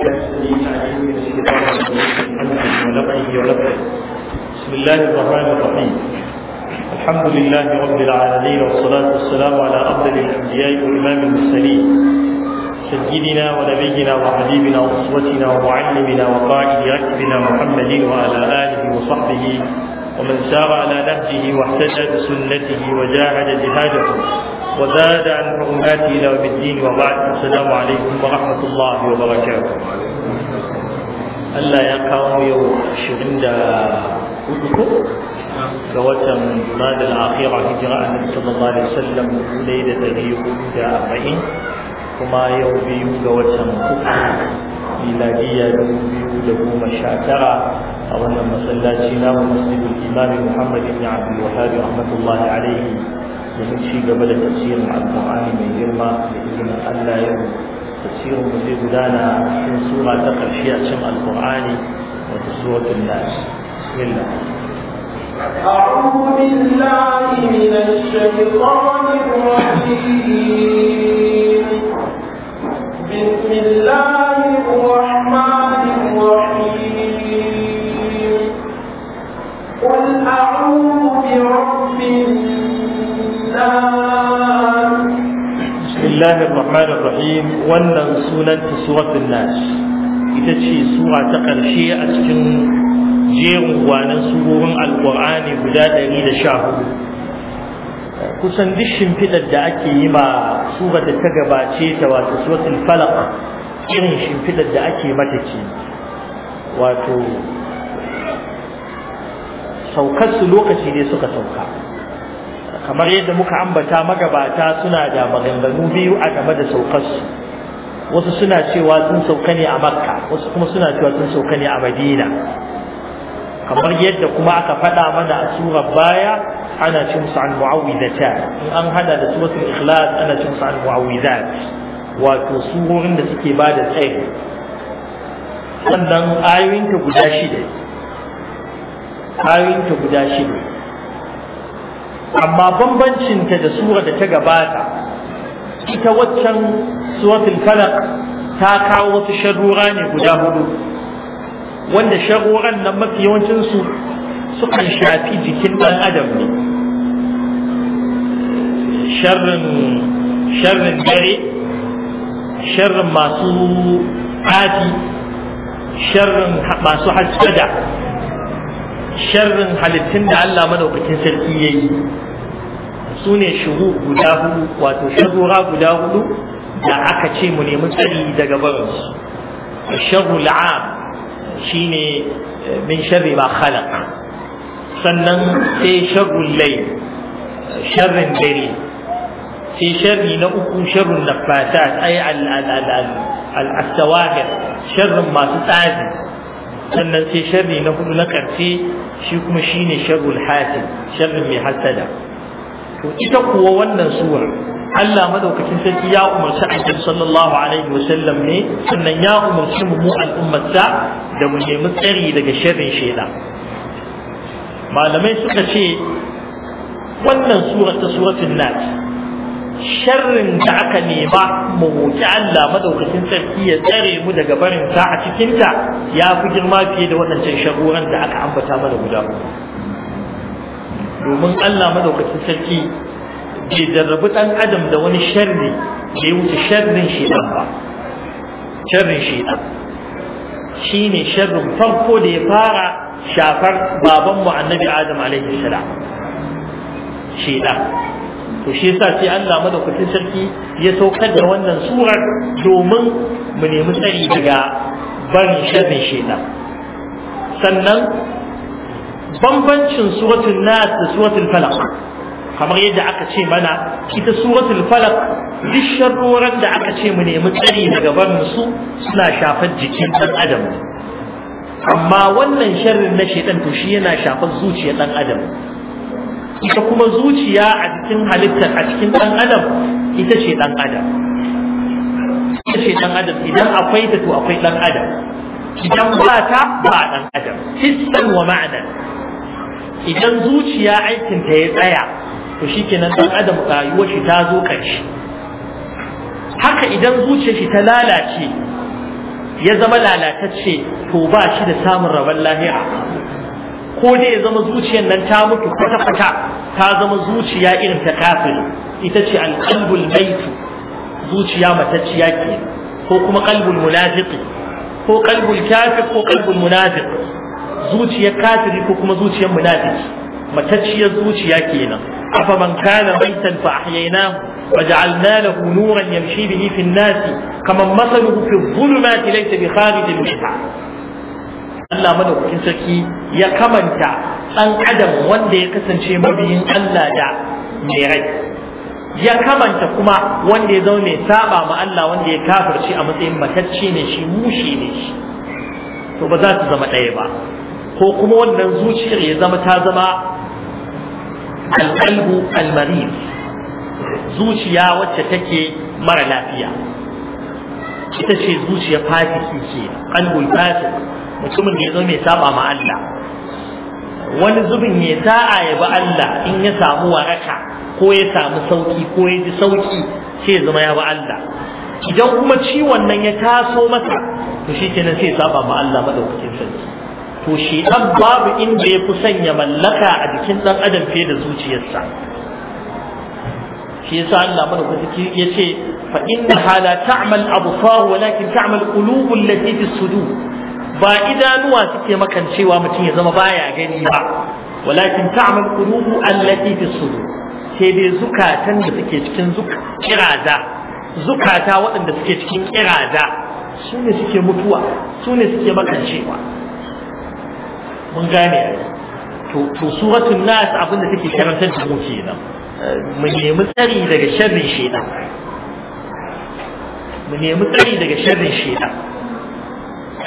بسم الله الرحمن الرحيم الحمد لله رب العالمين والصلاة والسلام على أفضل الأنبياء وإمام المرسلين سيدنا ونبينا وحبيبنا وأسوتنا ومعلمنا وقائد ركبنا محمد وعلى آله وصحبه ومن سار على نهجه واهتدى بسنته وجاهد جهاده وزاد عن حرماته الى يوم الدين وبعد السلام عليكم ورحمه الله وبركاته. Allah ya kawo yau ashirin da hudu ga watan Madal Akhira hijira annabi sallallahu alaihi wasallam dai da dari hudu da arba'in kuma yau biyu ga watan uku miladiyya dubu biyu له ما شاء ترى اللهم صل على الامام محمد بن عبد الوهاب رحمه الله عليه يمكن شيء قبل تفسير مع القران من يرمى باذن الله يوم تفسير مزيد لنا من سوره تقر شيء شمع القران وفي سوره الناس بسم الله أعوذ بالله من الشيطان الرجيم بسم الله الله الرحمن الرحيم wannan sunanta suratul nas ita ce sura ta ƙarshe a cikin jerin gwanan surorin alƙur'ani guda 114 kusan duk shimfiɗar da ake yi ma sura da ta gabace ta wato suratul falaq irin shimfiɗar da ake mata ce, wato saukar su lokaci ne suka sauka kamar yadda muka ambata magabata suna da maganganu biyu a game da saukarsu wasu suna cewa sun sauka ne a makka wasu kuma suna cewa sun sauka ne a madina kamar yadda kuma aka faɗa mana a surar baya ana cin su an mu'awwidata in an hada da suratul ikhlas ana cin su an mu'awwidat wato surorin da suke ba da tsayi sannan ayoyinta guda shida ayoyinta guda shida amma bambancinta da sura da ta gabata ita waccan suratul falaq ta kawo wasu sharura ne guda hudu wanda sharuran nan mafi yawancin su sukan shafi jikin dan adam ne sharrin sharrin dare sharrin masu adi sharrin masu hasada sharrin halittun da Allah madaukakin sarki ya yi su ne shuru guda hudu wato sharura guda hudu da aka ce mu nemi tsari daga barinsu sharru la'am shi ne min sharri ba khalaq sannan sai sharru layl sharrin dare sai sharri na uku sharrun nafasat ay al al al al sharrin masu tsari sannan sai sharri na hudu na karshe shi kuma shine sharrul hatim sharrin mai hasada to ita kuwa wannan suwar Allah madaukakin sarki ya umarci annabi sallallahu alaihi wasallam ne sannan ya umarci mu mu da mu nemi tsari daga sharrin shaida malamai suka ce wannan sura ta suratul nas sharrin da aka nema mu roki Allah madaukakin sarki ya tsare mu daga barin sa a cikin ta ya fi girma fiye da waɗancan shagoran da aka ambata mana guda domin Allah madaukakin sarki bai jarrabi ɗan adam da wani sharri da ya wuce sharrin shaitan ba sharrin shaitan shine sharrin farko da ya fara shafar babanmu annabi adam alaihi salam shaitan to shi yasa sai da kudin sarki ya saukar da wannan surar domin mu nemi tsari daga ban sharrin shaitan sannan bambancin suratul nas da suratul falaq kamar yadda aka ce mana ita suratul falaq duk sharroran da aka ce mu nemi tsari daga ban su suna shafar jikin dan adam amma wannan sharrin na shaitan to shi yana shafar zuciyar dan adam ita kuma zuciya a cikin halittar a cikin ɗan adam ita ce ɗan adam ita ce ɗan adam idan akwai ta to akwai ɗan adam idan ba ta ba ɗan adam hissan wa ma'anan idan zuciya aikin ta ya tsaya to kenan ɗan adam rayuwar shi ta zo ƙarshe haka idan zuciyar shi ta lalace ya zama lalatacce to ba shi da samun rabon lahira ko dai ya zama zuciyar nan ta mutu kwata-kwata ta zama zuciya irin ta kafir ita ce alƙalbul bait zuciya matacciya ke ko kuma qalbul munafiqi ko qalbul kafir ko qalbul munafiq zuciya kafir ko kuma zuciyar munafiki matacciyar zuciya kenan afa man kana baitan fa ahyayna wa ahyaynahu وجعلنا له نورا يمشي به في الناس كمن مثله في الظلمات ليس بخارج منها Allah madaukakin sarki ya kamanta ɗan adam wanda ya kasance mabiyin Allah da mai rai ya kamanta kuma wanda ya zama mai saba ma Allah wanda ya kafirce a matsayin matacce ne shi mushi ne shi to ba za su zama ɗaya ba ko kuma wannan zuciyar ya zama ta zama alƙalbu almarid zuciya wacce take mara lafiya ita ce zuciya fasiki ce qalbul fasiq mutumin ne ya zo mai saba ma Allah wani zubin ya sa'a ya bi Allah in ya samu waraka ko ya samu sauki ko ya ji sauki sai ya zama ya bi Allah idan kuma ciwon nan ya taso masa to shi kenan sai ya saba ma Allah madaukakin sarki to shi dan babu inda ya fi sanya mallaka a jikin dan adam fiye da zuciyarsa shi yasa Allah madaukaki yace fa inna hala ta'mal absar walakin ta'mal qulubul lati fi sudur ba idanuwa suke makancewa mutum ya zama baya gani ba walakin ta'mal qulubu allati fi sudur sai dai zukatan da suke cikin kirada zukata waɗanda suke cikin kirada su ne suke mutuwa su ne suke makancewa mun gane to to suratul nas abinda take karantar da mu kenan mu nemi tsari daga sharrin shaitan mu nemi tsari daga sharrin shaitan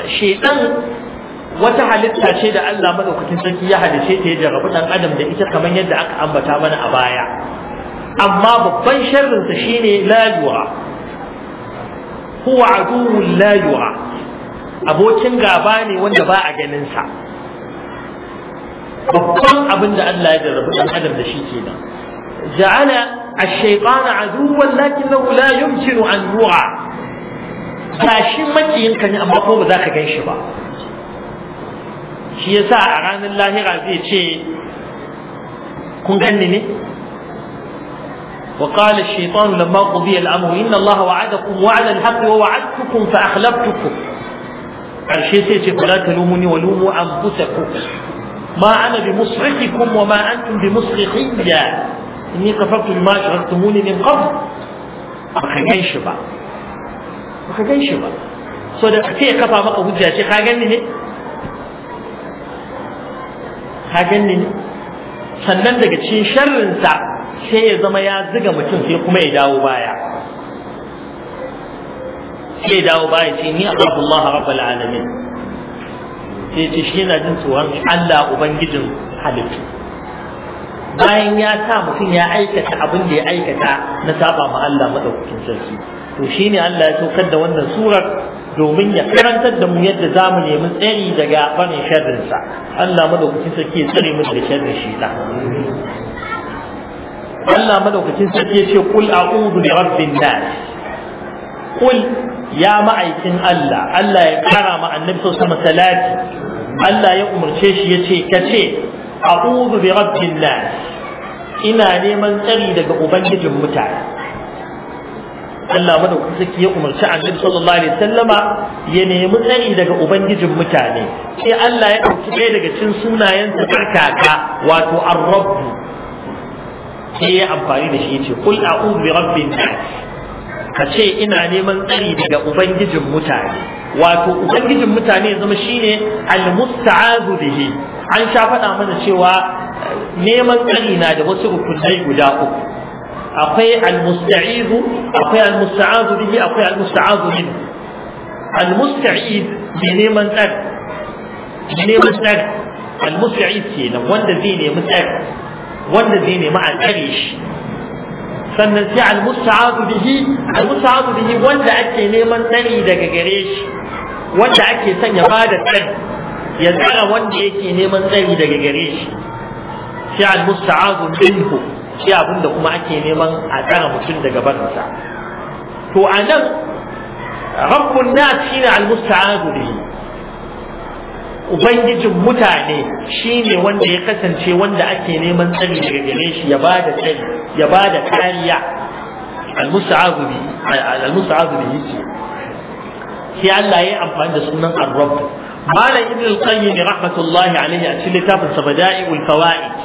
shedan wata halitta ce da Allah madaukakin sarki ya halice ta ya jarabi dan adam da ita kamar yadda aka ambata mana a baya amma babban sharrin sa shine la huwa aduwwul abokin gaba ne wanda ba a ganin sa babban abin da Allah ya jarabi ɗan adam da shi kenan ja'ala ash-shaytana aduwwan lakinnahu la yumkinu an ba shi makiyinka ne amma ko ba za ka gan shi ba shi yasa a ranar lahira zai ce kun ganni ne وقال الشيطان لما قضي الامر ان الله وعدكم وعد الحق ووعدتكم فاخلفتكم الشيء سيتي فلا تلوموني ولوموا انفسكم ما انا بمصرخكم وما انتم بمصرخي اني كفرت بما اشركتموني من قبل اخي كانش بقى baka gan shi ba so da ka ya kafa maka hujja ce ka ganni ne ka ganni ne sannan daga cikin sharrinsa sai ya zama ya ziga mutum sai kuma ya dawo baya sai ya dawo baya ce ni Allahu rabbul alamin sai ce shi yana jin tsoron Allah ubangijin halittu bayan ya sa mutum ya aikata abin da ya aikata na saba ma Allah madaukakin sarki to shine Allah ya saukar da wannan surar domin ya karantar da mu yadda za mu nemi tsari daga barin sharrinsa Allah madaukakin sarki ya tsare mu daga sharrin shi Allah madaukakin sarki ya ce kul a'udhu bi rabbin nas kul ya ma'aikin Allah Allah ya kara ma annabi sallallahu salati Allah ya umarce shi ya ce ka ce a'udhu bi rabbin nas ina neman tsari daga ubangijin mutane Allah madaukakin ya umarci Annabi sallallahu alaihi wasallama ya nemi tsari daga ubangijin mutane sai Allah ya dauki ɗaya daga cikin sunayensa barkaka wato ar-rabb sai ya amfani da shi yace qul a'udhu bi rabbin nas ka ce ina neman tsari daga ubangijin mutane wato ubangijin mutane ya zama shine al-musta'azu bihi an sha faɗa mana cewa eh, neman tsari na da wasu rukunai guda uku akwai al-musta'izu akwai al-musta'azu bihi akwai al-musta'azu min al-musta'iz neman tsari ne neman tsari al-musta'iz kenan wanda zai nemi tsari wanda zai nemi a tsare shi sannan sai al-musta'adu bihi al-musta'adu bihi wanda ake neman tsari daga gare shi wanda ake son ya bada tsari ya tsara wanda yake neman tsari daga gare shi sai al-musta'adu minhu shi abin da kuma ake neman a tsara mutum daga barinsa to a nan rabbun nas shine almusta'adu bihi ubangijin mutane shine wanda ya kasance wanda ake neman tsari daga gare shi ya bada tsari ya da kariya almusta'adu bihi almusta'adu bihi sai Allah ya yi amfani da sunan ar malam ibn al-qayyim rahmatullahi alayhi a cikin littafin sa bada'ul fawaid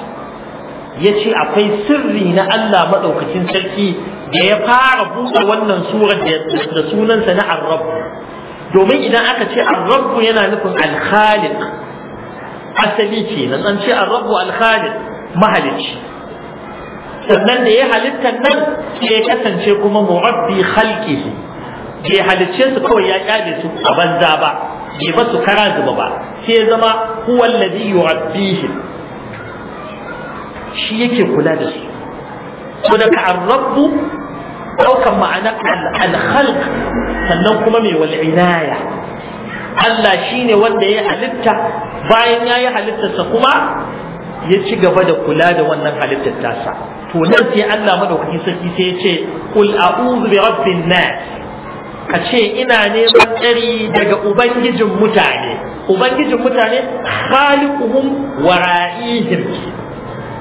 ya ce akwai sirri na Allah maɗaukacin sarki da ya fara buɗe wannan surar da sunansa na arrabu domin idan aka ce arrabu yana nufin Alkhalid, asali ce nan an ce arrabu mahalicci sannan da ya halitta nan sai ya kasance kuma rabbi khalqihi bai halicce su kawai ya kyale su a banza ba bai ba su kara zuba ba sai zama huwa alladhi yurabbihim shi yake kula da su to daga ar-rabbu ɗaukan ma'ana al sannan kuma mai wal inaya Allah ne wanda ya halitta bayan ya yi halittarsa kuma ya ci gaba da kula da wannan halittar tasa to nan sai Allah madaukakin sarki sai ya ce kul a'udhu bi rabbin nas ka ce ina neman tsari daga ubangijin mutane ubangijin mutane khaliquhum wa ra'ihim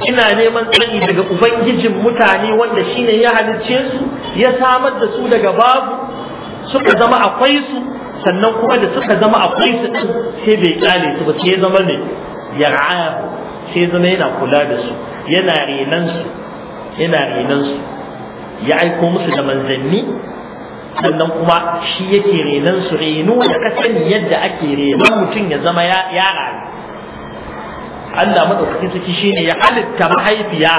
ina neman tsari daga ubangijin mutane wanda shine ya halicce su ya samar da su daga babu suka zama akwai su sannan kuma da suka zama akwai su din sai bai kyale su ba sai ya zama ne ya ra'a sai ya zama yana kula da su yana renan su yana renan ya aiko musu da manzanni sannan kuma shi yake renan su reno da kasan yadda ake renan mutum ya zama ya rayu Allah madaukakin shi shine ya halitta mahaifiya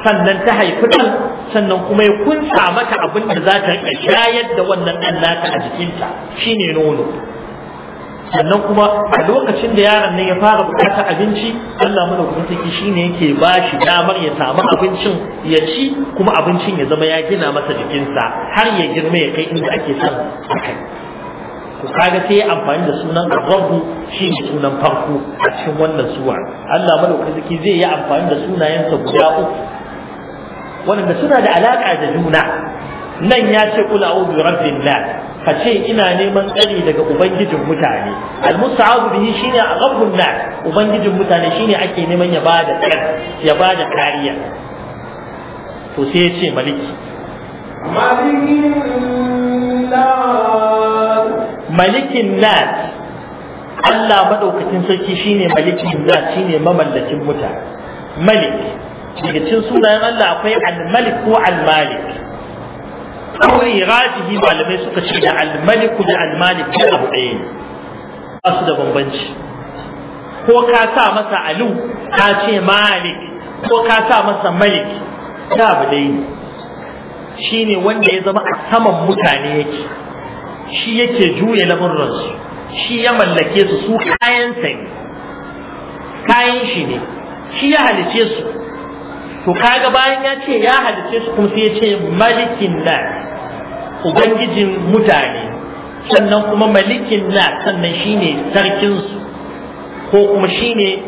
sannan ta haifi ɗan sannan kuma ya kunsa mata abin da za ta riƙa shayar da wannan ɗan nata a jikinta shine nono sannan kuma a lokacin da yaron nan ya fara bukatar abinci Allah madaukakin sarki shine yake ba shi damar ya samu abincin ya ci kuma abincin ya zama ya gina masa jikinsa har ya girma ya kai inda ake son a kai to kaga sai ya amfani da sunan rabbu shi ne sunan farko a cikin wannan suwa Allah madaukaki zai yi amfani da sunayensa guda uku wanda suna da alaka da juna nan ya ce kula a'udhu rabbin nas ka ce ina neman tsari daga ubangijin mutane almusta'adu bihi shine rabbun nas ubangijin mutane shine ake neman ya bada tsari ya bada kariya to sai ya ce maliki malikin nas malikin nas Allah madaukakin sarki shine malikin nas shine mamallakin mutane malik daga cikin sunayen Allah akwai al-malik ko al-malik kawai rajihi malamai suka ce da al-malik da al-malik da abu ɗaya ne ba su da bambanci ko ka sa masa alu ka ce malik ko ka sa masa malik da abu ɗaya ne shine wanda ya zama a saman mutane yake shi yake juya lamurransu shi ya mallake su su kayan ne kayan shi ne shi ya halice su to kaga bayan ya ce ya halice su kuma sai ya ce malikin na ubangijin mutane sannan kuma malikin na sannan shine sarkinsu ko kuma shine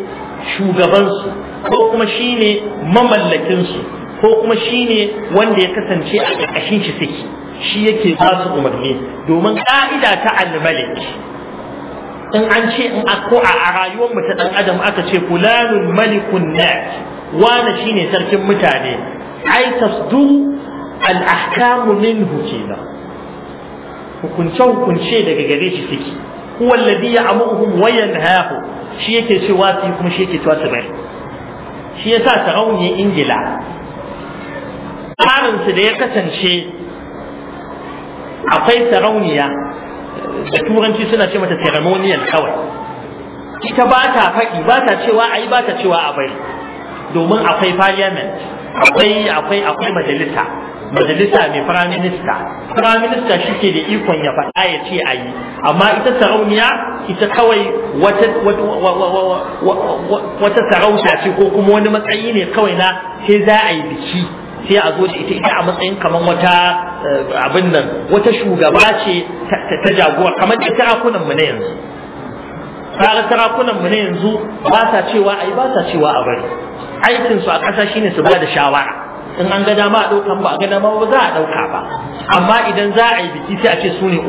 shugabansu ko kuma shine mamallakinsu ko kuma shine wanda ya kasance a ƙarƙashin shi suke shi yake ba su umarni domin ka'ida ta al-malik in an ce in a ko a rayuwar mu ta ɗan adam aka ce fulanul malikun nas wani shine sarkin mutane ai tasdu al-ahkamu minhu kenan hukunce hukunce daga gare shi suke huwa alladhi ya'muruhum wa yanhahu shi yake cewa su kuma shi yake cewa su bari shi yasa sarauniyar ingila tsarinsu da ya kasance akwai sarauniya da turanci suna ce mata ceremonial kawai ita ba ta faɗi ba ta cewa ai ba ta cewa a bari domin akwai parliament akwai akwai akwai majalisa majalisa mai prime minister prime minister shi ke da ikon ya faɗa ya ce a yi amma ita sarauniya ita kawai wata wata sarauta ce ko kuma wani matsayi ne kawai na sai za a yi biki sai a zo da ita ita a matsayin kamar wata eh, abin nan wata shugaba ce ta jagora kamar da sarakunan mu na yanzu tsara sarakunan mu na yanzu ba sa cewa ai ba sa cewa a bari aikin su a ƙasa shine su bada shawara in an ga dama a ɗaukan ba a ga dama ba za a ɗauka ba amma idan za a yi biki sai a ce su ne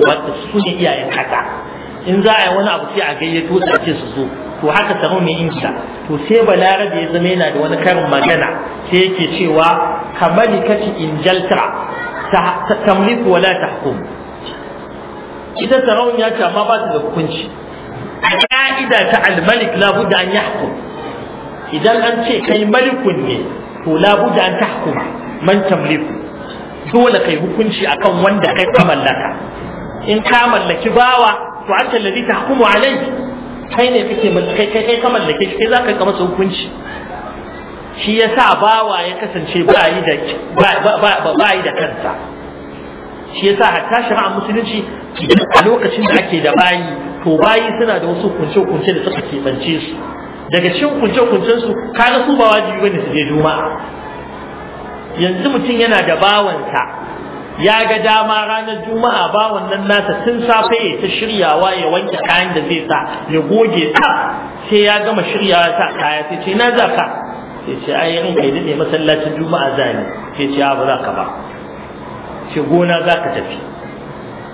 su ne iyayen kaka in za a yi wani abu sai a gayyato a ce su zo to haka sarauniyin insha to sai balarabe ya zama yana da wani karin magana sai yake cewa kamalikati injaltara tamliku wala tahkum ita sarauniya ce ma ba ta da hukunci a ka'ida ta al-malik labudda an yahkum idan an ce kai malikun ne to labudda an tahkuma man tamliku dole kai hukunci akan wanda kai ka mallaka in ka mallaki bawa to anta alladhi tahkumu alayhi kai ne kake kai kai ka mallake shi kai zaka ka masa hukunci shi ya sa bawa ya kasance ba yi da kansa shi ya sa hatta ma'a musulunci a lokacin da ake da bayi to bayi suna da wasu kunce-kunce da suka keɓance su daga cikin kunce-kuncen su ga su ba wajibi bane su je juma'a yanzu mutum yana da bawansa ya ga dama ranar juma'a bawan nan nasa tun safe ya ta shiryawa ya wanke kayan da zai sa ya goge sa, sai ya gama shiryawa sa kaya sai ce na za ka sai ce ai in kai dade masallacin juma'a zani sai ce ba za ka ba ce gona za ka tafi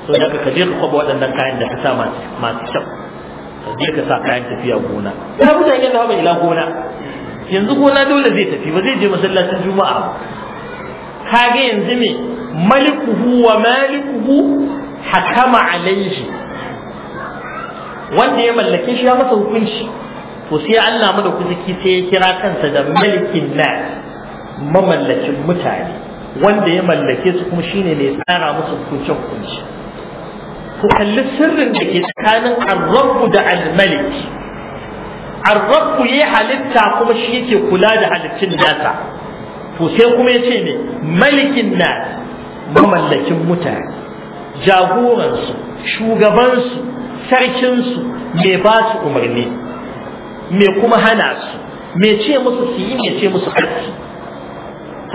to daga ka je ka kwaba waɗannan kayan da ka sa masu kyau ka je ka sa kayan tafiya gona Ya fi da ba ila gona yanzu gona dole zai tafi ba zai je masallacin juma'a Ka ga yanzu me malikuhu wa malikuhu hakama alaihi wanda ya mallake shi ya masa hukunci to sai Allah mu da kuziki sai ya kira kansa da malikin nas mamallakin mutane wanda ya mallake su kuma shine mai tsara musu hukunce hukunci ku kalli sirrin da ke tsakanin ar-rabb da al-malik ar-rabb halitta kuma shi yake kula da halittun nasa to sai kuma yace ne malikin na mamallakin mutane jagoransu shugabansu sarkinsu mai ba su umarni me kuma hana su me ce musu su yi ce musu karfi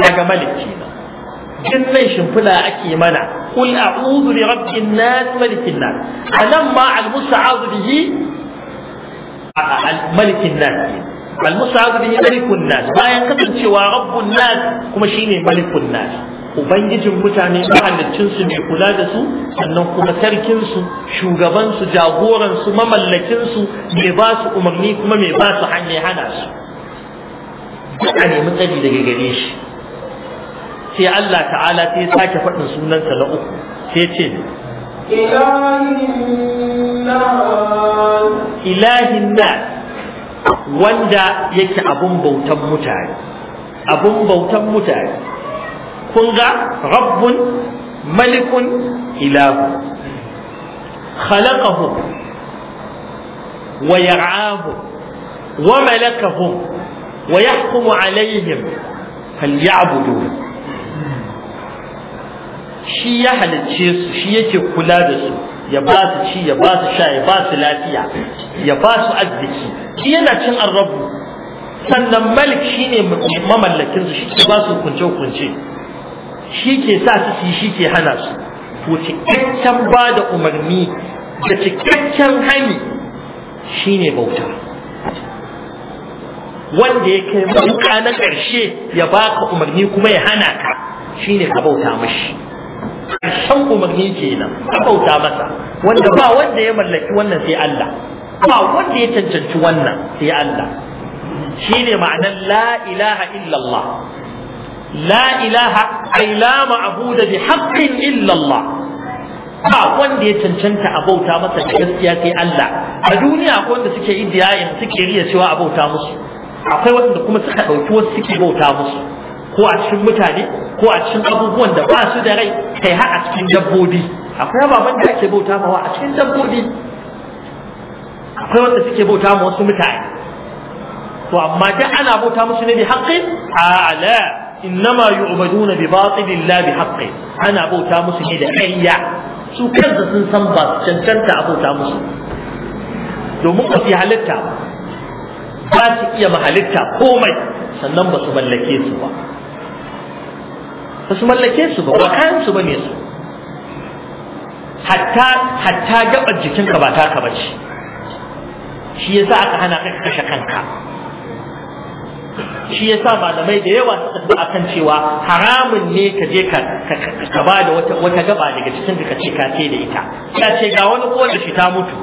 daga maliki na jinnan shimfila ake mana kul a'udhu bi rabbin nas malikin nas A nan ma al musta'adhu bihi malikin nas al musta'adhu bihi malikun nas bayan kasancewa rabbun nas kuma shine malikun nas ubangijin mutane su mai kula da su sannan kuma sarkinsu shugabansu jagoransu mamallakinsu mai ba su umarni kuma mai ba su hanyar hana su a nemi tsari daga gare shi sai Allah ta'ala sai sake faɗin sunan sunansa na uku sai ce ilahin na wanda yake abun bautan mutane abun bautan mutane kun ga rabbun malikun ilahu khalaqahum wa yar'ahum wa malakahum wa yahkumu alaihim falyabudu shi ya halicce su shi yake kula da su ya ba su ci ya ba su sha ya ba su lafiya ya ba su arziki shi yana cin arrabu sannan malik shine mamallakin su shi ke ba su kunce kunce shi ke sa su shi ke hana su to cikakken ba da umarni da cikakken hani shine bauta wanda ya kai matuƙa na ƙarshe ya baka umarni kuma ya hana ka shine ka bauta mashi ƙarshen umarni nan ka bauta masa wanda ba wanda ya mallaki wannan sai Allah ba wanda ya cancanci wannan sai Allah Shi ne ma'anar la ilaha illallah la ilaha ai la ma'budu bi haqqin illa Allah ba wanda ya cancanta a bauta masa da gaskiya sai Allah a duniya akwai wanda suke yi idiyayin suke riya cewa a bauta musu akwai wanda kuma suka ɗauki wasu suke bauta musu ko a cikin mutane ko a cikin abubuwan da ba su da rai kai har a cikin dabbobi akwai ababen da ake bauta mawa a cikin dabbobi akwai wanda suke bauta ma wasu mutane to amma duk ana bauta musu ne bi haqqin ala innama yu'baduna bi batilin la bi haqqi ana bauta musu ne da ƙarya su kansu sun san ba cancanta a bauta musu domin ba su halitta ba su iya mahalitta komai sannan ba su mallake su ba ba su mallake su ba su hatta jikinka ba taka shi yasa aka hana ka kashe kanka shi yasa malamai da yawa suka tafi akan cewa haramun ne ka je ka ka ba da wata wata gaba daga cikin da ka ce ka ce da ita ya ce ga wani da shi ta mutu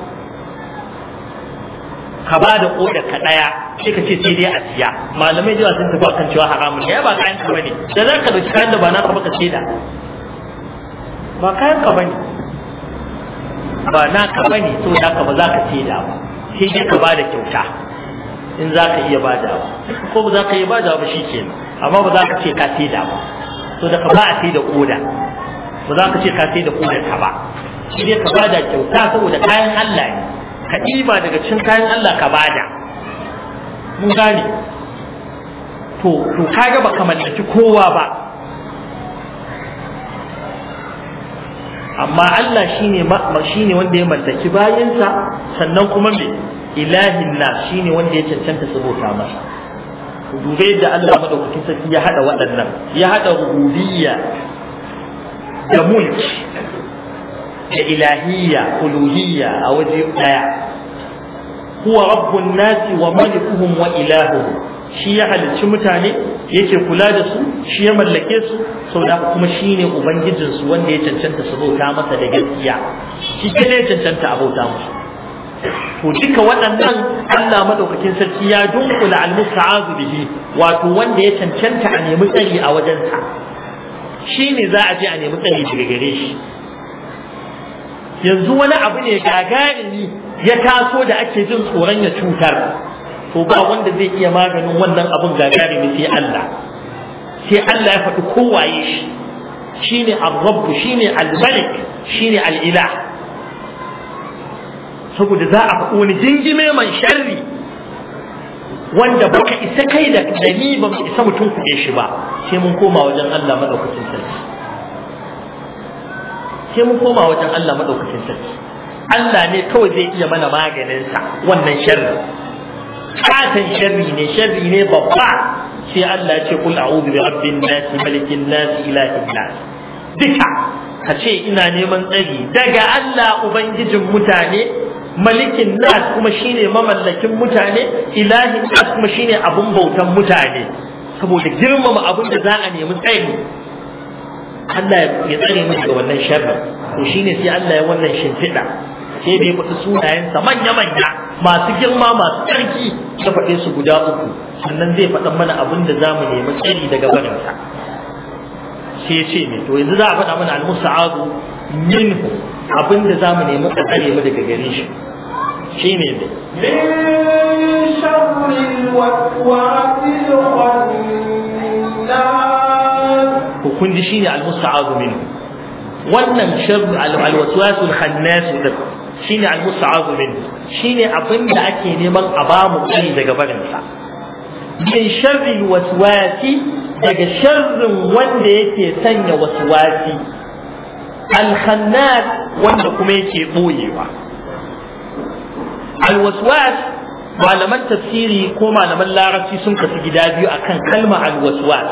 ka ba da da ka daya sai ka ce sai dai a siya malamai da yawa sun tafi akan cewa haramun ne ya ba kayan ka bane da zaka ka dauki kayan da ba na ka ka ce da ba kayan ka bane ba na ka bane to da ka ba za ka ce da ba sai dai ka ba da kyauta in za ka iya badawa ko ba za ka iya badawa ba shi kenan amma ba za ka ce ka da ba to da ka ba a sai da koda ba za ka ce ka da koda ka ba shi dai ka bada kyauta saboda kayan Allah ne ka ɗiba daga cikin kayan Allah ka bada mun gane to to ga ba ka mallaki kowa ba amma Allah shine shine wanda ya mallaki bayansa sannan kuma me ilahin na ne wanda ya cancanta saboda masa dube yadda Allah madaukakin sarki ya hada waɗannan ya hada rububiyya da mulki da ilahiyya uluhiyya a waje daya huwa rabbun nasi wa malikuhum wa ilahuhum shi ya halicci mutane yake kula da su shi ya mallake su sau da kuma shi ne ubangijinsu wanda ya cancanta su bauta masa da gaskiya shi ne ya cancanta a bauta musu to duka waɗannan Allah madaukakin sarki ya dunkula al-musta'azu bihi wato wanda ya cancanta a nemi tsari a wajensa shine za a je a nemi tsari daga gare shi yanzu wani abu ne gagarumi ya taso da ake jin tsoron ya cutar to ba wanda zai iya maganin wannan abun gagarumi sai Allah sai Allah ya faɗi kowaye shi shine ar-rabb shine al-malik shine al-ilah saboda za a faɗo wani jingime man sharri wanda baka isa kai da dani ba mu isa mutum kuɗe shi ba sai mun koma wajen Allah madaukakin sarki sai mun koma wajen Allah madaukakin sarki Allah ne kawai zai iya mana maganin sa wannan sharri katan sharri ne sharri ne babba sai Allah ya ce kul a'udhu bi rabbin nas malikin nas ilahin nas duka ka ce ina neman tsari daga Allah ubangijin mutane malikin nas kuma shine mamallakin mutane ilahin nas kuma shine abun bautan mutane saboda girmama abun da za a nemi tsari Allah ya tsare mu daga wannan sharri to shine sai Allah ya wannan shimfiɗa sai da ya sunayen sunayensa manya-manya masu girma masu tsarki ya faɗe su guda uku sannan zai faɗa mana abin da za mu nemi tsari daga barinsa sai ce ne to yanzu za a faɗa mana al-musa'adu minhu abin da za mu nemi ka tsare mu daga gare shi shi ne min sharril shi ne kun ji shine al-musta'adu minhu wannan sharr al-waswasul khannas din shine al-musta'adu minhu shine abin da ake neman a ba mu kai daga barinsa min sharril waswasi daga sharrin wanda yake sanya waswasi alhannas wanda kuma yake ɓoyewa alwaswas malaman tafsiri ko malaman larabci sun kasu gida biyu akan kalma alwaswas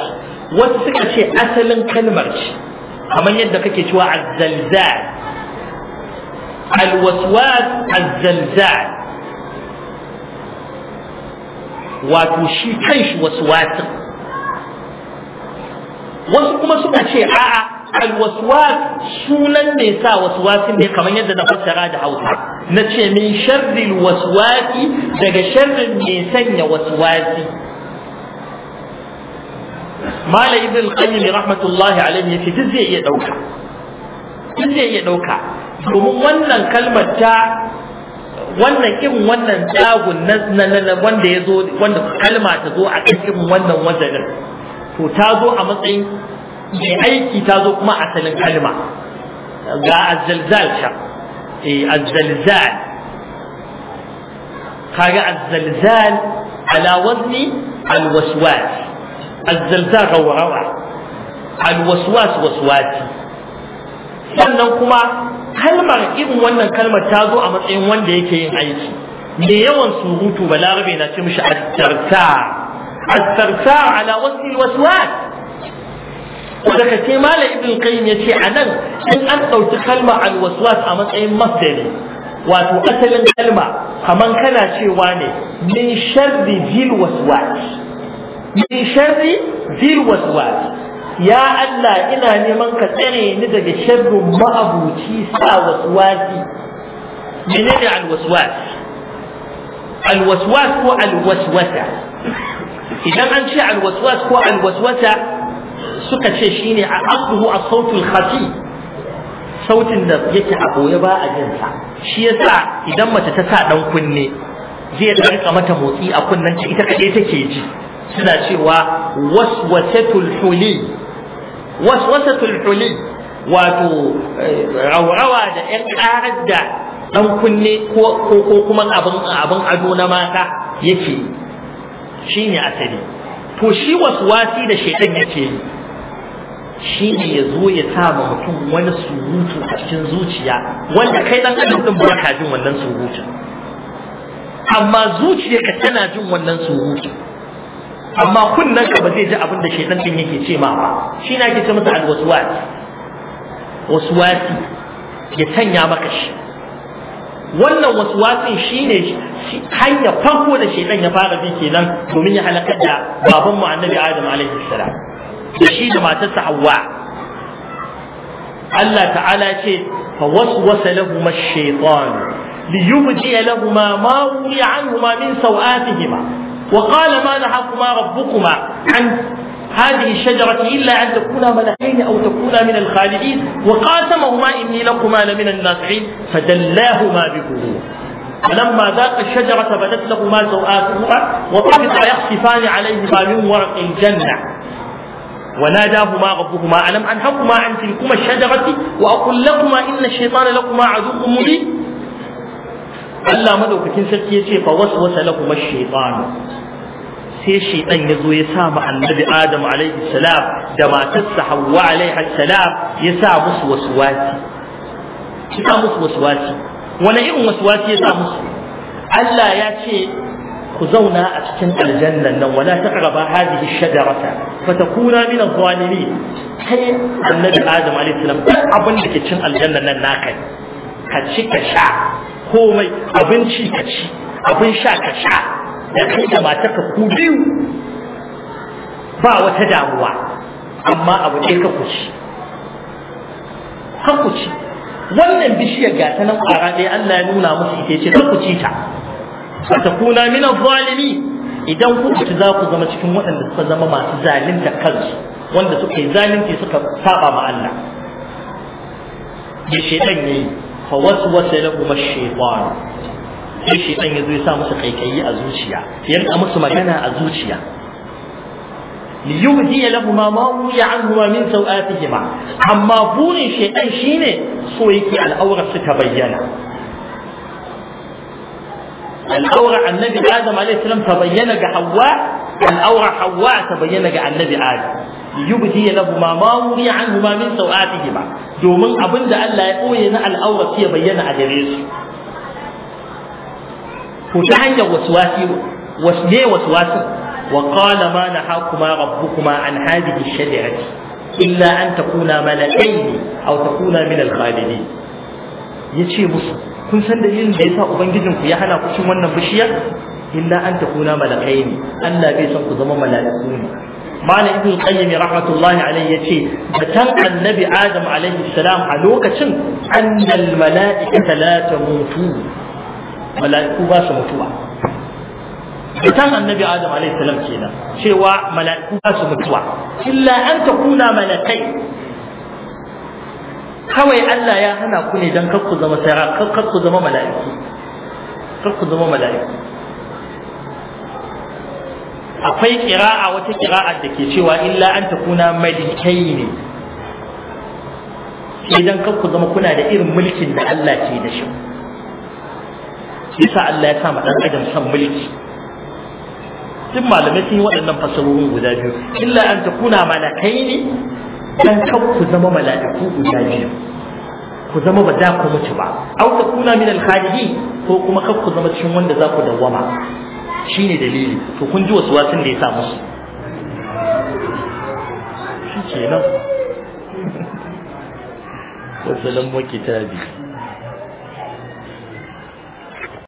wasu suka ce asalin kalmar ce kamar yadda kake cewa azzalzal alwaswas azzalzal wato shi kanshi waswasin wasu kuma suka ce a'a alwaswas sunan mai sa waswasin ne kamar yadda na fassara da hausa na ce min sharril waswasi daga sharrin mai sanya waswasi mala ibn qayyim rahmatullahi alayhi yace duk zai iya dauka duk zai iya dauka domin wannan kalmar ta wannan kin wannan tsagun na wanda ya zo wanda kalma ta zo a kan kin wannan wazanin to ta zo a matsayin mai aiki ta zo kuma asalin kalma ga azzalzal can e azzalzal kaga azzalzal ala wazni alwaswas azzalzal gawarawa alwaswas waswasi sannan kuma kalmar irin wannan kalmar ta zo a matsayin wanda yake yin aiki me yawan surutu balarabe na ce mishi attarta attarta ala wazni alwaswas وذلك في مال ابن القيم يتي عنا إن أن أو تكلم عن وصلات أمان أي مصدر واتو أسل الكلمة فمن كان شيواني من شر ذي الوسواس من شر ذي الوسواس يا الله إنا نمان كتري ندق شر ما أبو تيسا وسواسي من أين الوسواس الوسواس هو الوسوسة إذا أنشي الوسواس هو الوسوسة suka ce shine a asuhu a sautin khafi sautin da yake a boye ba a jin shi yasa idan mace ta sa dan kunne zai rika mata motsi a kunnen ta ita kaɗai take ji suna cewa waswasatul huli waswasatul huli wato eh, rawa da ƴan ƙarar da ɗan kunne ko kuma abin ado na mata yake shi ne asali to shi waswasi da shaitan yake yi shi ne ya zo ya sa ma mutum wani surutu a cikin zuciya wanda kai dan adam din ba ka jin wannan surutun amma ka tana jin wannan surutun amma kunnan ka ba zai ji abin da shaitan din yake ce ba shi na ke ce masa alwaswasi waswasi ya sanya maka shi wannan waswasin shi ne hanya farko da shaitan ya fara bi kenan domin ya halakar da babanmu annabi adam alaihi salam da shi da matarsa Hawwa Allah ta'ala ce fa waswasa lahum ash-shaytan li yubdi lahum ma wuya anhuma min sawatihima wa qala ma nahakuma rabbukuma an هذه الشجرة إلا أن تكونا ملكين أو تكونا من الخالدين وقاسمهما إني لكما لمن الناصحين فدلاهما بغرور فلما ذاق الشجرة بدت لهما سوآتهما وطفقا يخسفان عليهما من ورق الجنة وناداهما ربهما ألم أنهكما عن تلكما الشجرة وأقول لكما إن الشيطان لكما عدو مبين Allah madaukakin sarki ya ce fa waswasa sai shaytan ya zo ya sa ma annabi Adam alaihi salam da matarsa Hawwa alaiha salam ya sa musu waswasi ya sa musu waswasi wani irin waswasi ya sa musu Allah ya ce ku zauna a cikin aljannan nan wala taqraba hadhihi shajarata fatakuna min adh-dhalimin kai annabi adam alayhi salam abin da ke cin aljannan nan naka ka ci ka sha komai abinci ka ci abin sha ka sha da kai da matarka ku biyu ba wata damuwa amma abu ɗaya ka ku ci ka ku ci wannan bishiyar gata nan ƙwara ɗaya Allah ya nuna musu ita ce ka ku ci ta fatakuna min adh-dhalimin idan ku ci za ku zama cikin waɗanda suka zama masu zalunta kansu wanda suka yi zalunci suka saba ma Allah ya shaitan ne fa waswasa lahum ash-shaytan sai shaitan ya zo ya sa musu kaikayi a zuciya ya musu magana a zuciya ليهدي لهما ما روي عنهما من سوآتهما أما بور شيئا شيني سويكي على suka bayyana. al'aura annabi adam alaihi salam ta bayyana ga hawa al'aura ta bayyana ga annabi adam yubdi lahu ma an wuri anhu ma min sawatihima domin abinda Allah ya koye na al'aura ya bayyana a gare su ko ta hanyar waswasi wasne waswasin wa qala ma nahakuma rabbukuma an hadhihi shajarati illa an takuna malakaini aw takuna min al Ya ce musu kun san dalilin da yasa ubangijin ku ya hana ku cin wannan bishiyar illa an takuna malakai ne Allah bai san ku zama malaiku ne malam ibn qayyim rahmatullahi alayhi yace batan annabi adam alayhi salam a lokacin annal malaikata la tamutu malaiku ba su mutuwa batan annabi adam alayhi salam kenan cewa malaiku ba su mutuwa illa an takuna malakai kawai Allah ya hana ku ne don kar ku zama sara kar ku zama mala'iki kar zama mala'iki akwai kira'a wata ƙira'a da ke cewa illa an ta kuna malikai ne idan kar ku zama kuna da irin mulkin da Allah ke da shi yasa Allah ya sa ma dan adam san mulki duk malamai sun yi waɗannan fasarorin guda biyu illa an ta kuna malakai ne dan kan ku zama mala'iku guda biyu ku zama ba za ku mutu ba au ta kuna min alkhalidi ko kuma kan ku zama cikin wanda za ku dawwama shine dalili to kun ji wasu wasin da ya sa musu shi kenan wasu kitabi